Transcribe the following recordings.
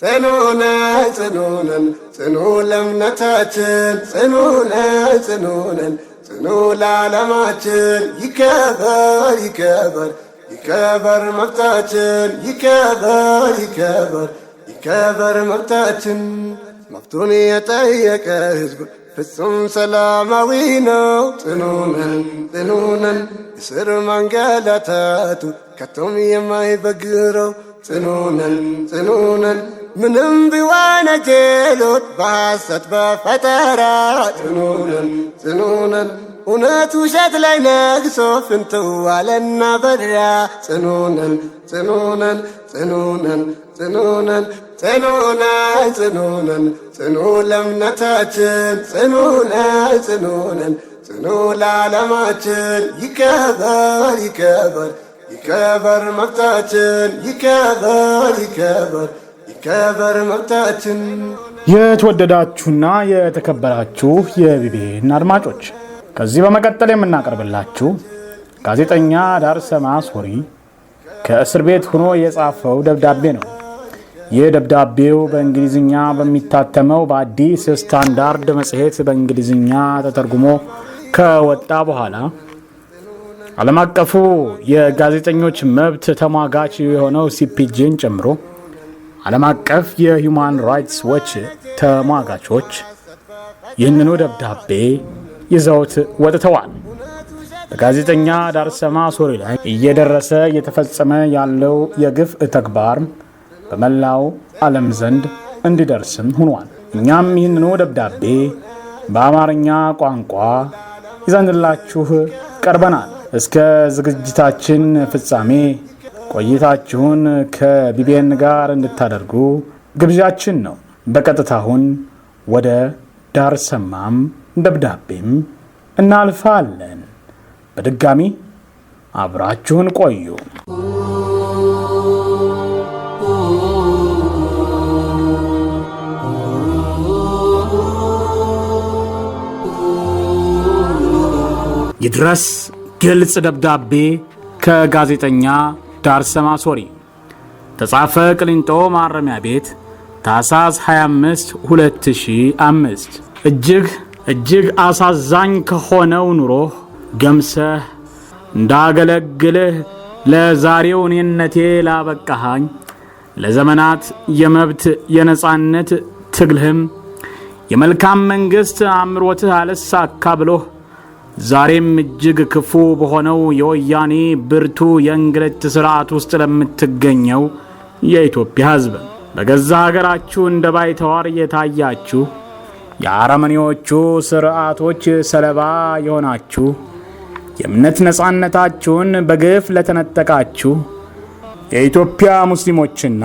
ጽኑነን ጽኑነን ጽኑ ለእምነታችን ጽኑነ ጽኑነን ጽኑ ለዓለማችን ይከበር ይከበር ይከበር መብታችን ይከበር ይከበር ይከበር መብታችን መብቱን የጠየቀ ሕዝብ ፍጹም ሰላማዊ ነው። ጽኑነን ጽኑነን እስር ማንገላታቱ ከቶም የማይበግረው ጽኑነን ጽኑነን من بوانا جيلوت بحاسات بفترات تنونن تنونن ونتو شات لاي نقصو فنتو والنا برا تنونن تنونن تنونن تنونن تنونن تنونن تنولا منتاتن تنونن تنونن تنولا لماتن يكبر يكبر يكبر مفتاتن يكبر يكبر, يكبر ከበር መብታችን። የተወደዳችሁና የተከበራችሁ የቢቢኤን አድማጮች ከዚህ በመቀጠል የምናቀርብላችሁ ጋዜጠኛ ዳር ሰማ ሶሪ ከእስር ቤት ሆኖ የጻፈው ደብዳቤ ነው። ይህ ደብዳቤው በእንግሊዝኛ በሚታተመው በአዲስ ስታንዳርድ መጽሔት በእንግሊዝኛ ተተርጉሞ ከወጣ በኋላ ዓለም አቀፉ የጋዜጠኞች መብት ተሟጋች የሆነው ሲፒጄን ጨምሮ ዓለም አቀፍ የሂውማን ራይትስ ዎች ተሟጋቾች ይህንኑ ደብዳቤ ይዘውት ወጥተዋል። በጋዜጠኛ ዳርሰማ ሶሪ ላይ እየደረሰ እየተፈጸመ ያለው የግፍ ተግባር በመላው ዓለም ዘንድ እንዲደርስም ሆኗል። እኛም ይህንኑ ደብዳቤ በአማርኛ ቋንቋ ይዘንላችሁ ቀርበናል። እስከ ዝግጅታችን ፍጻሜ ቆይታችሁን ከቢቢኤን ጋር እንድታደርጉ ግብዣችን ነው። በቀጥታ አሁን ወደ ዳር ሰማም ደብዳቤም እናልፋለን። በድጋሚ አብራችሁን ቆዩ። ይድረስ ግልጽ ደብዳቤ ከጋዜጠኛ ዳርሰማ ሶሪ ተጻፈ ቅሊንጦ ማረሚያ ቤት ታኅሳስ 25 2005 እጅግ እጅግ አሳዛኝ ከሆነው ኑሮ ገምሰህ እንዳገለግልህ ለዛሬው እኔነቴ ላበቃሃኝ ለዘመናት የመብት የነጻነት ትግልህም የመልካም መንግሥት አምሮትህ አለሳካ ብሎህ ዛሬም እጅግ ክፉ በሆነው የወያኔ ብርቱ የእንግልት ሥርዓት ውስጥ ለምትገኘው የኢትዮጵያ ሕዝብ በገዛ ሀገራችሁ እንደ ባይተዋር የታያችሁ የአረመኔዎቹ ሥርዓቶች ሰለባ የሆናችሁ የእምነት ነጻነታችሁን በግፍ ለተነጠቃችሁ የኢትዮጵያ ሙስሊሞችና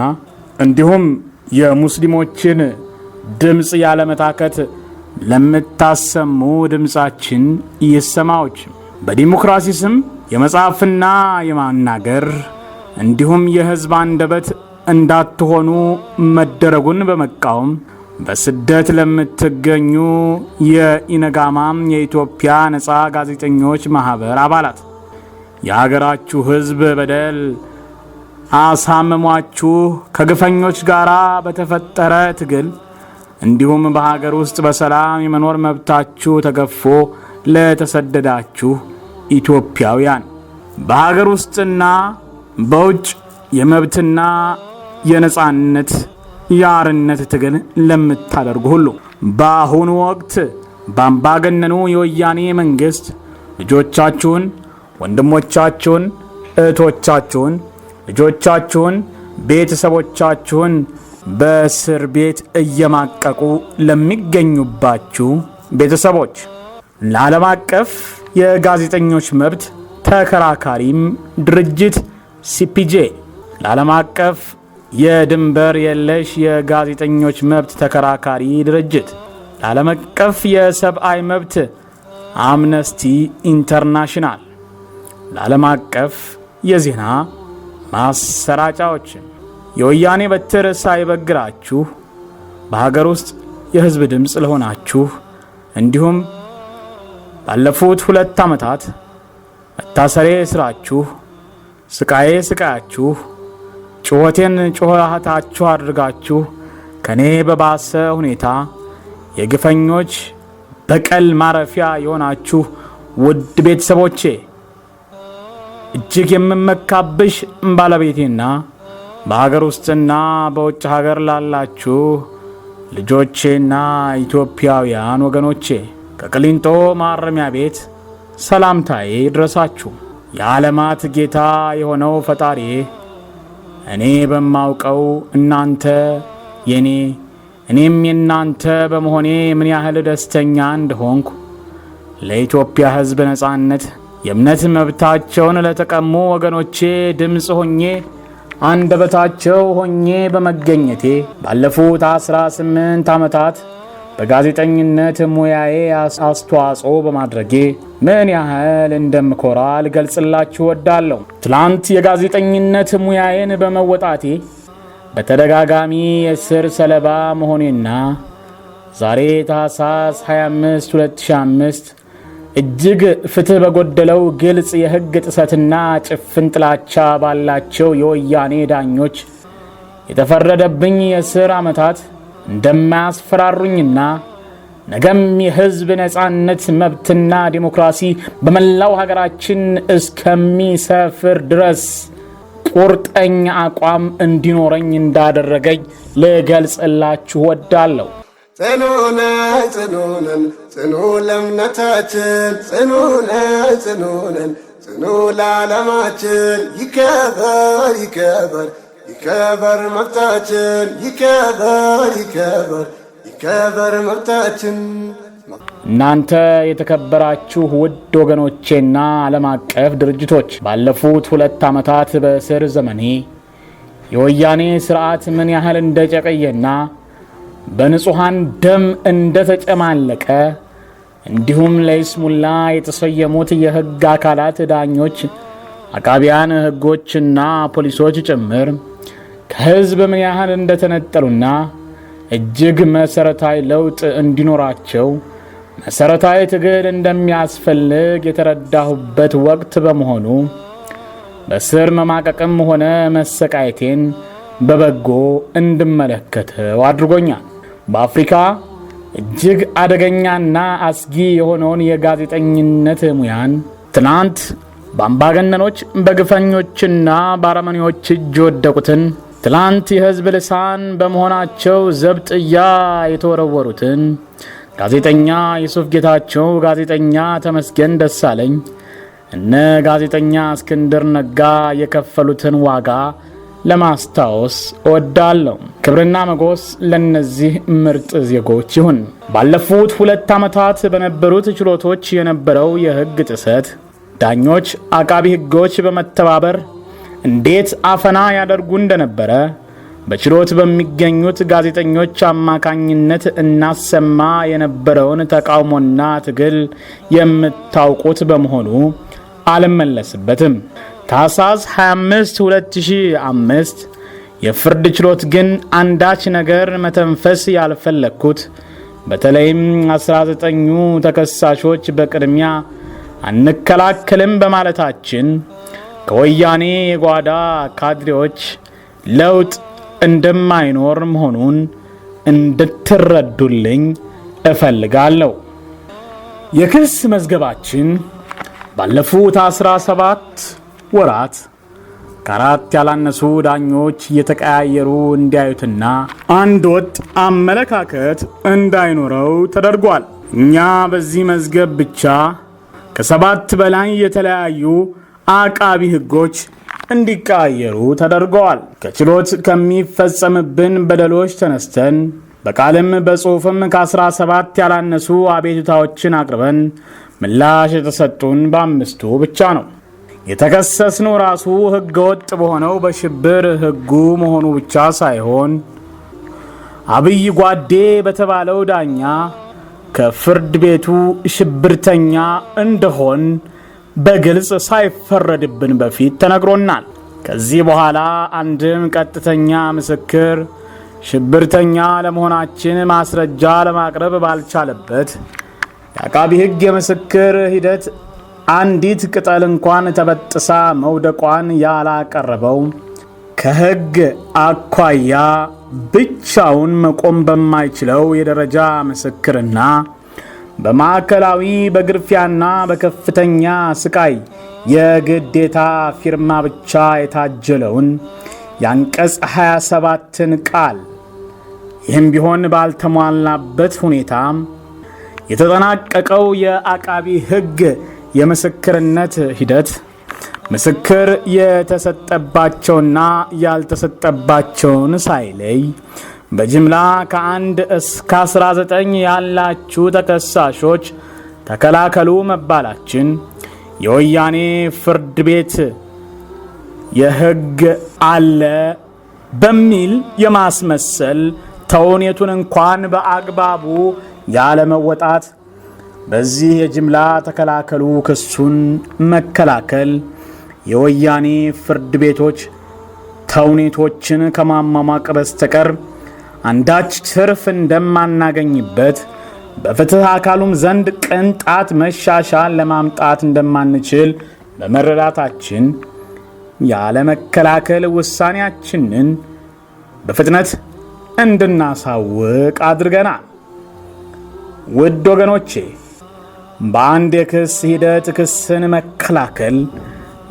እንዲሁም የሙስሊሞችን ድምፅ ያለመታከት ለምታሰሙ ድምፃችን ይሰማዎች። በዲሞክራሲ ስም የመጻፍና የማናገር እንዲሁም የሕዝብ አንደበት እንዳትሆኑ መደረጉን በመቃወም በስደት ለምትገኙ የኢነጋማም የኢትዮጵያ ነጻ ጋዜጠኞች ማኅበር አባላት የሀገራችሁ ሕዝብ በደል አሳምሟችሁ ከግፈኞች ጋር በተፈጠረ ትግል እንዲሁም በሀገር ውስጥ በሰላም የመኖር መብታችሁ ተገፎ ለተሰደዳችሁ ኢትዮጵያውያን በሀገር ውስጥና በውጭ የመብትና የነጻነት የአርነት ትግል ለምታደርጉ ሁሉ በአሁኑ ወቅት በአምባገነኑ የወያኔ መንግሥት ልጆቻችሁን፣ ወንድሞቻችሁን፣ እህቶቻችሁን፣ ልጆቻችሁን፣ ቤተሰቦቻችሁን በእስር ቤት እየማቀቁ ለሚገኙባችሁ ቤተሰቦች ለዓለም አቀፍ የጋዜጠኞች መብት ተከራካሪም ድርጅት ሲፒጄ ለዓለም አቀፍ የድንበር የለሽ የጋዜጠኞች መብት ተከራካሪ ድርጅት ለዓለም አቀፍ የሰብአዊ መብት አምነስቲ ኢንተርናሽናል ለዓለም አቀፍ የዜና ማሰራጫዎች የወያኔ በትር ሳይበግራችሁ በሀገር ውስጥ የህዝብ ድምፅ ለሆናችሁ እንዲሁም ባለፉት ሁለት ዓመታት መታሰሬ ስራችሁ፣ ስቃዬ ስቃያችሁ፣ ጩኸቴን ጩኸታችሁ አድርጋችሁ ከእኔ በባሰ ሁኔታ የግፈኞች በቀል ማረፊያ የሆናችሁ ውድ ቤተሰቦቼ እጅግ የምመካብሽ ባለቤቴና በሀገር ውስጥና በውጭ ሀገር ላላችሁ ልጆቼና ኢትዮጵያውያን ወገኖቼ ከቅሊንጦ ማረሚያ ቤት ሰላምታዬ ይድረሳችሁ። የዓለማት ጌታ የሆነው ፈጣሪ እኔ በማውቀው እናንተ የኔ እኔም የእናንተ በመሆኔ ምን ያህል ደስተኛ እንደሆንኩ ለኢትዮጵያ ሕዝብ ነጻነት የእምነት መብታቸውን ለተቀሙ ወገኖቼ ድምፅ ሆኜ አንደበታቸው ሆኜ በመገኘቴ ባለፉት አስራ ዓመታት በጋዜጠኝነት ሙያዬ አስተዋጽኦ በማድረጌ ምን ያህል እንደምኮራ ልገልጽላችሁ ወዳለሁ። ትላንት የጋዜጠኝነት ሙያዬን በመወጣቴ በተደጋጋሚ የእስር ሰለባ መሆኔና ዛሬ ታህሳስ 25 2005 እጅግ ፍትህ በጎደለው ግልጽ የህግ ጥሰትና ጭፍን ጥላቻ ባላቸው የወያኔ ዳኞች የተፈረደብኝ የእስር ዓመታት እንደማያስፈራሩኝና ነገም የህዝብ ነፃነት መብትና ዲሞክራሲ በመላው ሀገራችን እስከሚሰፍር ድረስ ቁርጠኛ አቋም እንዲኖረኝ እንዳደረገኝ ልገልጽላችሁ ወዳለሁ። ጽኑነን ጽኑነን ጽኑ ለእምነታችን ጽኑነን ጽኑነን ጽኑ ለዓለማችን ይከበር ይከበር ይከበር መብታችን ይከበር ይከበር ይከበር መብታችን። እናንተ የተከበራችሁ ውድ ወገኖቼና ዓለም አቀፍ ድርጅቶች ባለፉት ሁለት ዓመታት በእስር ዘመኔ የወያኔ ስርዓት ምን ያህል እንደጨቀየና በንጹሐን ደም እንደተጨማለቀ እንዲሁም ለይስሙላ የተሰየሙት የሕግ አካላት ዳኞች፣ አቃቢያን ሕጎችና ፖሊሶች ጭምር ከሕዝብ ምን ያህል እንደተነጠሉና እጅግ መሠረታዊ ለውጥ እንዲኖራቸው መሠረታዊ ትግል እንደሚያስፈልግ የተረዳሁበት ወቅት በመሆኑ በስር መማቀቅም ሆነ መሰቃየቴን በበጎ እንድመለከተው አድርጎኛል። በአፍሪካ እጅግ አደገኛና አስጊ የሆነውን የጋዜጠኝነት ሙያን ትናንት በአምባገነኖች በግፈኞችና በአረመኔዎች እጅ የወደቁትን ትላንት የህዝብ ልሳን በመሆናቸው ዘብጥያ የተወረወሩትን ጋዜጠኛ ዩሱፍ ጌታቸው፣ ጋዜጠኛ ተመስገን ደሳለኝ፣ እነ ጋዜጠኛ እስክንድር ነጋ የከፈሉትን ዋጋ ለማስታወስ እወዳለሁ። ክብርና መጎስ ለእነዚህ ምርጥ ዜጎች ይሁን። ባለፉት ሁለት ዓመታት በነበሩት ችሎቶች የነበረው የሕግ ጥሰት ዳኞች አቃቢ ሕጎች በመተባበር እንዴት አፈና ያደርጉ እንደነበረ በችሎት በሚገኙት ጋዜጠኞች አማካኝነት እናሰማ የነበረውን ተቃውሞና ትግል የምታውቁት በመሆኑ አልመለስበትም። ታኅሳስ 25 2005 የፍርድ ችሎት ግን አንዳች ነገር መተንፈስ ያልፈለግኩት በተለይም 19ኙ ተከሳሾች በቅድሚያ አንከላከልም በማለታችን ከወያኔ የጓዳ ካድሬዎች ለውጥ እንደማይኖር መሆኑን እንድትረዱልኝ እፈልጋለሁ። የክስ መዝገባችን ባለፉት 17 ወራት ከአራት ያላነሱ ዳኞች እየተቀያየሩ እንዲያዩትና አንድ ወጥ አመለካከት እንዳይኖረው ተደርጓል። እኛ በዚህ መዝገብ ብቻ ከሰባት በላይ የተለያዩ አቃቢ ሕጎች እንዲቀያየሩ ተደርገዋል። ከችሎት ከሚፈጸምብን በደሎች ተነስተን በቃልም በጽሑፍም ከ17 ያላነሱ አቤቱታዎችን አቅርበን ምላሽ የተሰጡን በአምስቱ ብቻ ነው። የተከሰስነው ራሱ ወጥ በሆነው በሽብር ህጉ መሆኑ ብቻ ሳይሆን አብይ ጓዴ በተባለው ዳኛ ከፍርድ ቤቱ ሽብርተኛ እንደሆን በግልጽ ሳይፈረድብን በፊት ተነግሮናል። ከዚህ በኋላ አንድም ቀጥተኛ ምስክር ሽብርተኛ ለመሆናችን ማስረጃ ለማቅረብ ባልቻለበት የአቃቢ ህግ የምስክር ሂደት አንዲት ቅጠል እንኳን ተበጥሳ መውደቋን ያላቀረበው ከሕግ አኳያ ብቻውን መቆም በማይችለው የደረጃ ምስክርና በማዕከላዊ በግርፊያና በከፍተኛ ስቃይ የግዴታ ፊርማ ብቻ የታጀለውን የአንቀጽ 27ን ቃል ይህም ቢሆን ባልተሟላበት ሁኔታ የተጠናቀቀው የአቃቢ ሕግ የምስክርነት ሂደት ምስክር የተሰጠባቸውና ያልተሰጠባቸውን ሳይለይ በጅምላ ከአንድ እስከ 19 ያላችሁ ተከሳሾች ተከላከሉ መባላችን የወያኔ ፍርድ ቤት የህግ አለ በሚል የማስመሰል ተውኔቱን እንኳን በአግባቡ ያለመወጣት በዚህ የጅምላ ተከላከሉ ክሱን መከላከል የወያኔ ፍርድ ቤቶች ተውኔቶችን ከማሟሟቅ በስተቀር አንዳች ትርፍ እንደማናገኝበት በፍትህ አካሉም ዘንድ ቅንጣት መሻሻል ለማምጣት እንደማንችል በመረዳታችን ያለመከላከል ውሳኔያችንን በፍጥነት እንድናሳውቅ አድርገናል። ውድ ወገኖቼ በአንድ የክስ ሂደት ክስን መከላከል፣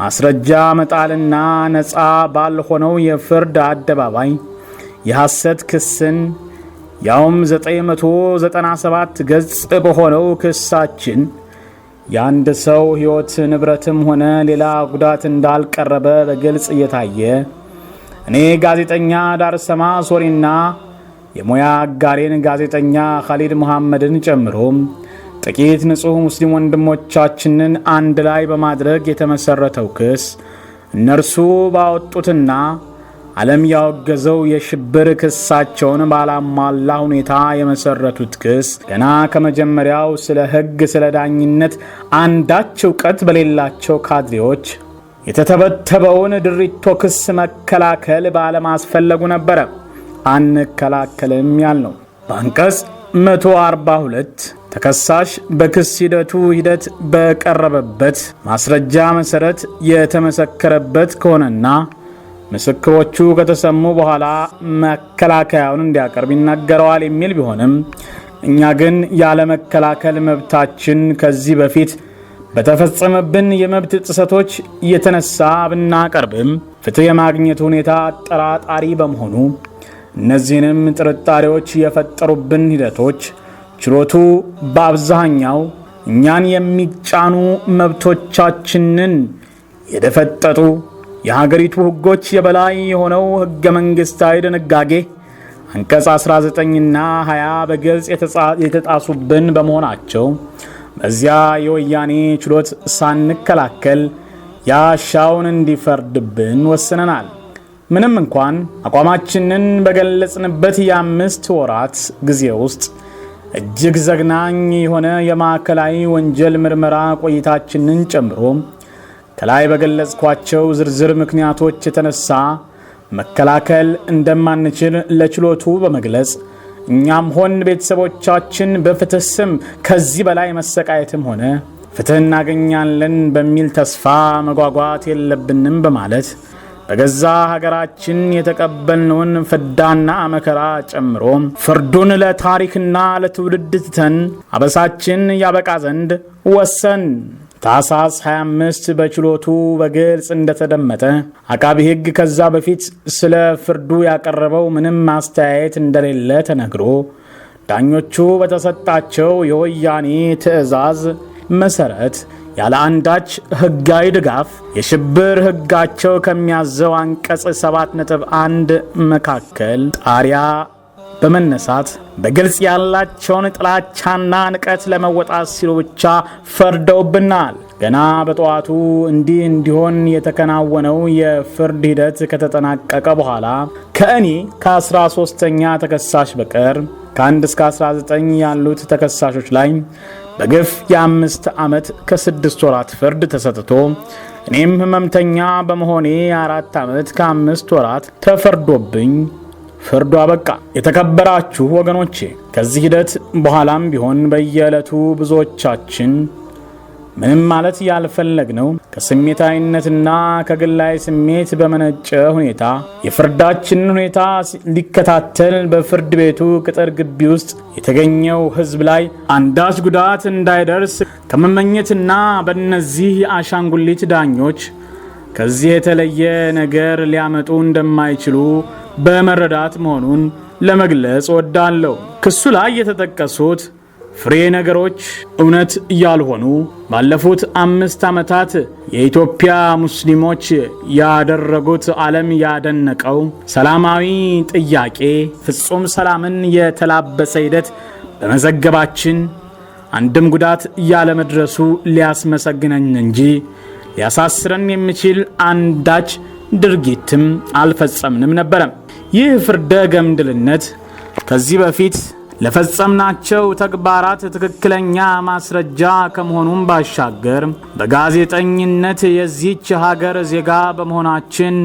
ማስረጃ መጣልና ነፃ ባልሆነው የፍርድ አደባባይ የሐሰት ክስን ያውም 997 ገጽ በሆነው ክሳችን የአንድ ሰው ሕይወት ንብረትም ሆነ ሌላ ጉዳት እንዳልቀረበ በግልጽ እየታየ እኔ ጋዜጠኛ ዳርሰማ ሶሪና የሙያ አጋሬን ጋዜጠኛ ኻሊድ መሐመድን ጨምሮ ጥቂት ንጹሕ ሙስሊም ወንድሞቻችንን አንድ ላይ በማድረግ የተመሠረተው ክስ እነርሱ ባወጡትና ዓለም ያወገዘው የሽብር ክሳቸውን ባላሟላ ሁኔታ የመሠረቱት ክስ ገና ከመጀመሪያው ስለ ሕግ፣ ስለ ዳኝነት አንዳች እውቀት በሌላቸው ካድሬዎች የተተበተበውን ድሪቶ ክስ መከላከል ባለማስፈለጉ ነበረ። አንከላከልም ያልነው በአንቀጽ 142 ተከሳሽ በክስ ሂደቱ ሂደት በቀረበበት ማስረጃ መሰረት የተመሰከረበት ከሆነና ምስክሮቹ ከተሰሙ በኋላ መከላከያውን እንዲያቀርብ ይናገረዋል የሚል ቢሆንም እኛ ግን ያለመከላከል መብታችን ከዚህ በፊት በተፈጸመብን የመብት ጥሰቶች እየተነሳ ብናቀርብም ፍትህ የማግኘት ሁኔታ አጠራጣሪ በመሆኑ እነዚህንም ጥርጣሬዎች የፈጠሩብን ሂደቶች ችሎቱ በአብዛኛው እኛን የሚጫኑ መብቶቻችንን የደፈጠጡ የሀገሪቱ ሕጎች የበላይ የሆነው ሕገ መንግሥታዊ ድንጋጌ አንቀጽ 19ና 20 በግልጽ የተጣሱብን በመሆናቸው በዚያ የወያኔ ችሎት ሳንከላከል ያሻውን እንዲፈርድብን ወስነናል። ምንም እንኳን አቋማችንን በገለጽንበት የአምስት ወራት ጊዜ ውስጥ እጅግ ዘግናኝ የሆነ የማዕከላዊ ወንጀል ምርመራ ቆይታችንን ጨምሮ ከላይ በገለጽኳቸው ዝርዝር ምክንያቶች የተነሳ መከላከል እንደማንችል ለችሎቱ በመግለጽ እኛም ሆን ቤተሰቦቻችን በፍትህ ስም ከዚህ በላይ መሰቃየትም ሆነ ፍትህ እናገኛለን በሚል ተስፋ መጓጓት የለብንም በማለት በገዛ ሀገራችን የተቀበልነውን ፍዳና መከራ ጨምሮ ፍርዱን ለታሪክና ለትውልድ ትተን አበሳችን ያበቃ ዘንድ ወሰን ታሳስ 25 በችሎቱ በግልጽ እንደተደመጠ አቃቢ ሕግ ከዛ በፊት ስለ ፍርዱ ያቀረበው ምንም አስተያየት እንደሌለ ተነግሮ ዳኞቹ በተሰጣቸው የወያኔ ትዕዛዝ መሠረት ያለ አንዳች ህጋዊ ድጋፍ የሽብር ህጋቸው ከሚያዘው አንቀጽ 7.1 መካከል ጣሪያ በመነሳት በግልጽ ያላቸውን ጥላቻና ንቀት ለመወጣት ሲሉ ብቻ ፈርደውብናል። ገና በጠዋቱ እንዲህ እንዲሆን የተከናወነው የፍርድ ሂደት ከተጠናቀቀ በኋላ ከእኔ ከ13ኛ ተከሳሽ በቀር ከ1 እስከ 19 ያሉት ተከሳሾች ላይ በግፍ የአምስት ዓመት ከስድስት ወራት ፍርድ ተሰጥቶ እኔም ህመምተኛ በመሆኔ አራት ዓመት ከአምስት ወራት ተፈርዶብኝ ፍርዱ አበቃ። የተከበራችሁ ወገኖቼ ከዚህ ሂደት በኋላም ቢሆን በየዕለቱ ብዙዎቻችን ምንም ማለት ያልፈለግነው ከስሜታዊነትና ከግላዊ ስሜት በመነጨ ሁኔታ የፍርዳችንን ሁኔታ ሊከታተል በፍርድ ቤቱ ቅጥር ግቢ ውስጥ የተገኘው ሕዝብ ላይ አንዳች ጉዳት እንዳይደርስ ከመመኘትና በእነዚህ አሻንጉሊት ዳኞች ከዚህ የተለየ ነገር ሊያመጡ እንደማይችሉ በመረዳት መሆኑን ለመግለጽ ወዳለሁ። ክሱ ላይ የተጠቀሱት ፍሬ ነገሮች እውነት ያልሆኑ ባለፉት አምስት ዓመታት የኢትዮጵያ ሙስሊሞች ያደረጉት ዓለም ያደነቀው ሰላማዊ ጥያቄ ፍጹም ሰላምን የተላበሰ ሂደት በመዘገባችን አንድም ጉዳት ያለመድረሱ ሊያስመሰግነኝ እንጂ ሊያሳስረን የሚችል አንዳች ድርጊትም አልፈጸምንም ነበረም። ይህ ፍርደ ገምድልነት ከዚህ በፊት ለፈጸምናቸው ተግባራት ትክክለኛ ማስረጃ ከመሆኑም ባሻገር በጋዜጠኝነት የዚች ሀገር ዜጋ በመሆናችን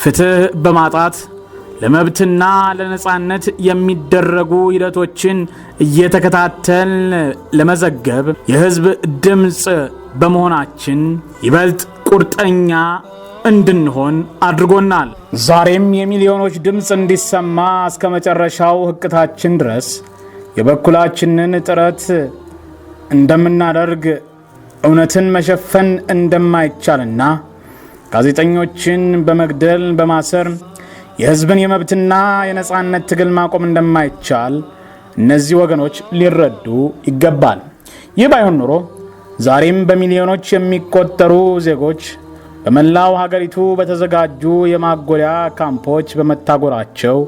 ፍትህ በማጣት ለመብትና ለነጻነት የሚደረጉ ሂደቶችን እየተከታተል ለመዘገብ የህዝብ ድምፅ በመሆናችን ይበልጥ ቁርጠኛ እንድንሆን አድርጎናል። ዛሬም የሚሊዮኖች ድምፅ እንዲሰማ እስከ መጨረሻው ህቅታችን ድረስ የበኩላችንን ጥረት እንደምናደርግ እውነትን መሸፈን እንደማይቻልና ጋዜጠኞችን በመግደል በማሰር የሕዝብን የመብትና የነፃነት ትግል ማቆም እንደማይቻል እነዚህ ወገኖች ሊረዱ ይገባል። ይህ ባይሆን ኖሮ ዛሬም በሚሊዮኖች የሚቆጠሩ ዜጎች በመላው ሀገሪቱ በተዘጋጁ የማጎሪያ ካምፖች በመታጎራቸው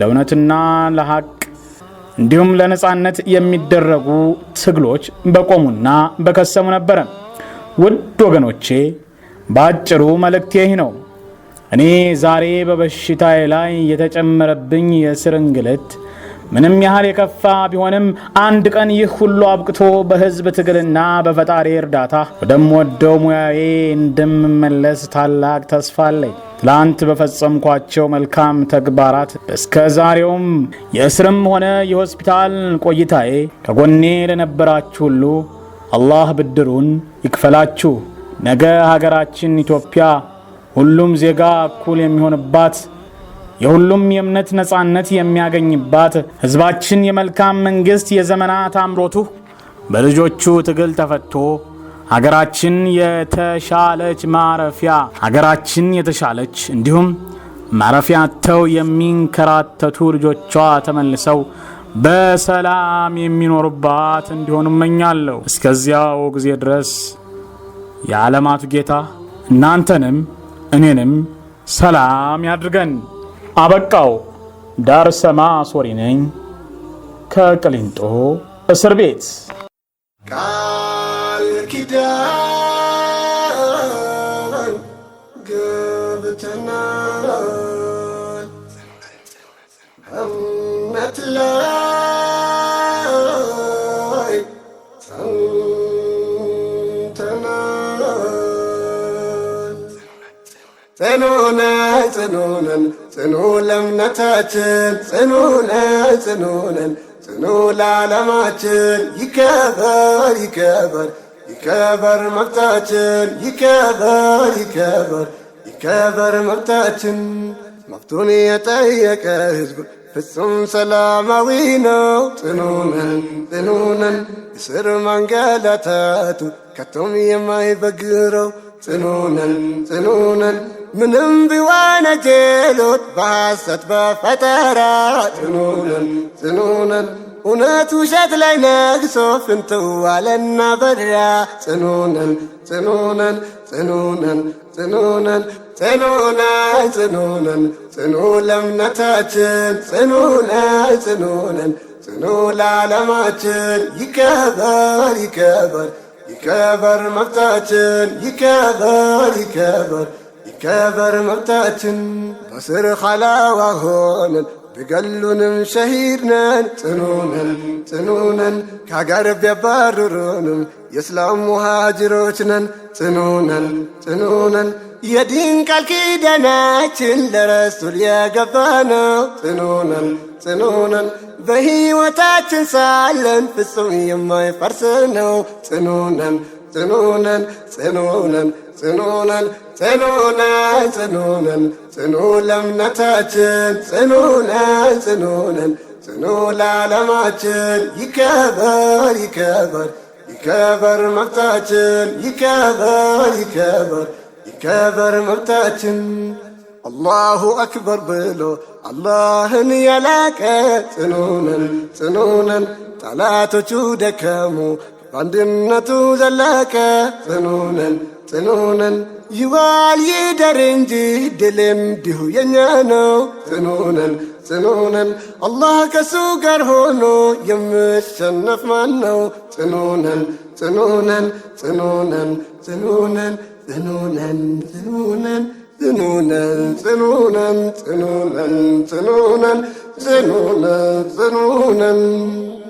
ለእውነትና ለሀቅ እንዲሁም ለነፃነት የሚደረጉ ትግሎች በቆሙና በከሰሙ ነበረ። ውድ ወገኖቼ በአጭሩ መልእክቴ ይህ ነው። እኔ ዛሬ በበሽታዬ ላይ የተጨመረብኝ የስር እንግልት ምንም ያህል የከፋ ቢሆንም አንድ ቀን ይህ ሁሉ አብቅቶ በሕዝብ ትግልና በፈጣሪ እርዳታ ወደምወደው ሙያዬ እንደምመለስ ታላቅ ተስፋ አለኝ። ትላንት በፈጸምኳቸው መልካም ተግባራት እስከ ዛሬውም የእስርም ሆነ የሆስፒታል ቆይታዬ ከጎኔ ለነበራችሁ ሁሉ አላህ ብድሩን ይክፈላችሁ። ነገ ሀገራችን ኢትዮጵያ ሁሉም ዜጋ እኩል የሚሆንባት የሁሉም የእምነት ነፃነት የሚያገኝባት ሕዝባችን የመልካም መንግሥት የዘመናት አምሮቱ በልጆቹ ትግል ተፈቶ ሀገራችን የተሻለች ማረፊያ ሀገራችን የተሻለች እንዲሁም ማረፊያ አጥተው የሚንከራተቱ ልጆቿ ተመልሰው በሰላም የሚኖሩባት እንዲሆን እመኛለሁ። እስከዚያው ጊዜ ድረስ የዓለማቱ ጌታ እናንተንም እኔንም ሰላም ያድርገን። አበቃው። ዳርሰማ ሶሪ ነኝ ከቅሊንጦ እስር ቤት ገብተናል ገብተናል እምነት ላይ ጸንተናል ጽኑነን ጽኑነን ጽኑ ለእምነታችን ጽኑነን ጽኑነን ጽኑ ለዓለማችን ይከበር ይከበር ይከበር መብታችን ይከበር ይከበር ይከበር መብታችን መብቱን የጠየቀ ህዝብ ፍጹም ሰላማዊ ነው። ጥኑነን ጥኑነን እስር ማንገላታቱ ከቶም የማይበግረው ጽኑነን ጽኑነን ምንም ቢዋነጀሉ በሐሰት በፈጠራ ጽኑንን ጽኑንን እውነት ውሸት ላይ ነግሶ ፍንትዋለና በራ ጽኑንን ጽኑንን ጽኑንን ጽኑንን ጽኑንን ጽኑንን ጽኑ ለእምነታችን ጽኑንን ጽኑንን ጽኑ ለዓለማችን ይከበር ይከበር ይከበር መብታችን ይከበር ይከበር ከበር መብታችን በስር ኻላዋ ሆነን ቢገሉንም ሸሂድነን ጽኑነን ጽኑነን ከሀገር ቢያባርሩንም የእስላም ሙሃጅሮችነን ጽኑነን ጽኑነን የዲን ቃል ኪዳናችን ለረሱል የገባ ነው ጽኑነን ጽኑነን በሕይወታችን ሳለን ፍጹም የማይፈርስ ነው ጽኑነን ጽኑነን ጽኑነን ጽኑነን ጽኑነን ጽኑነን ጽኑ ለእምነታችን ጽኑነ ጽኑነን ጽኑ ለዓለማችን ይከበር ይከበር ይከበር መብታችን ይከበር ይከበር ይከበር መብታችን አላሁ አክበር ብሎ አላህን የላቀ ጽኑነን ጽኑነን ጠላቶቹ ደከሙ በአንድነቱ ዘለቀ ጽኑነን ጽኑነን ይዋል ይደር እንጂ ድልም ዲሁ የኛ ነው። ጽኑነን ጽኑነን አላህ ከሱ ጋር ሆኖ የምሸነፍ ማን ነው? ጽኑነን ጽኑነን ጽኑነን ጽኑነን ጽኑነን ጽኑነን ጽኑነን ጽኑነን ጽኑነን ጽኑነን ጽኑነን ጽኑነን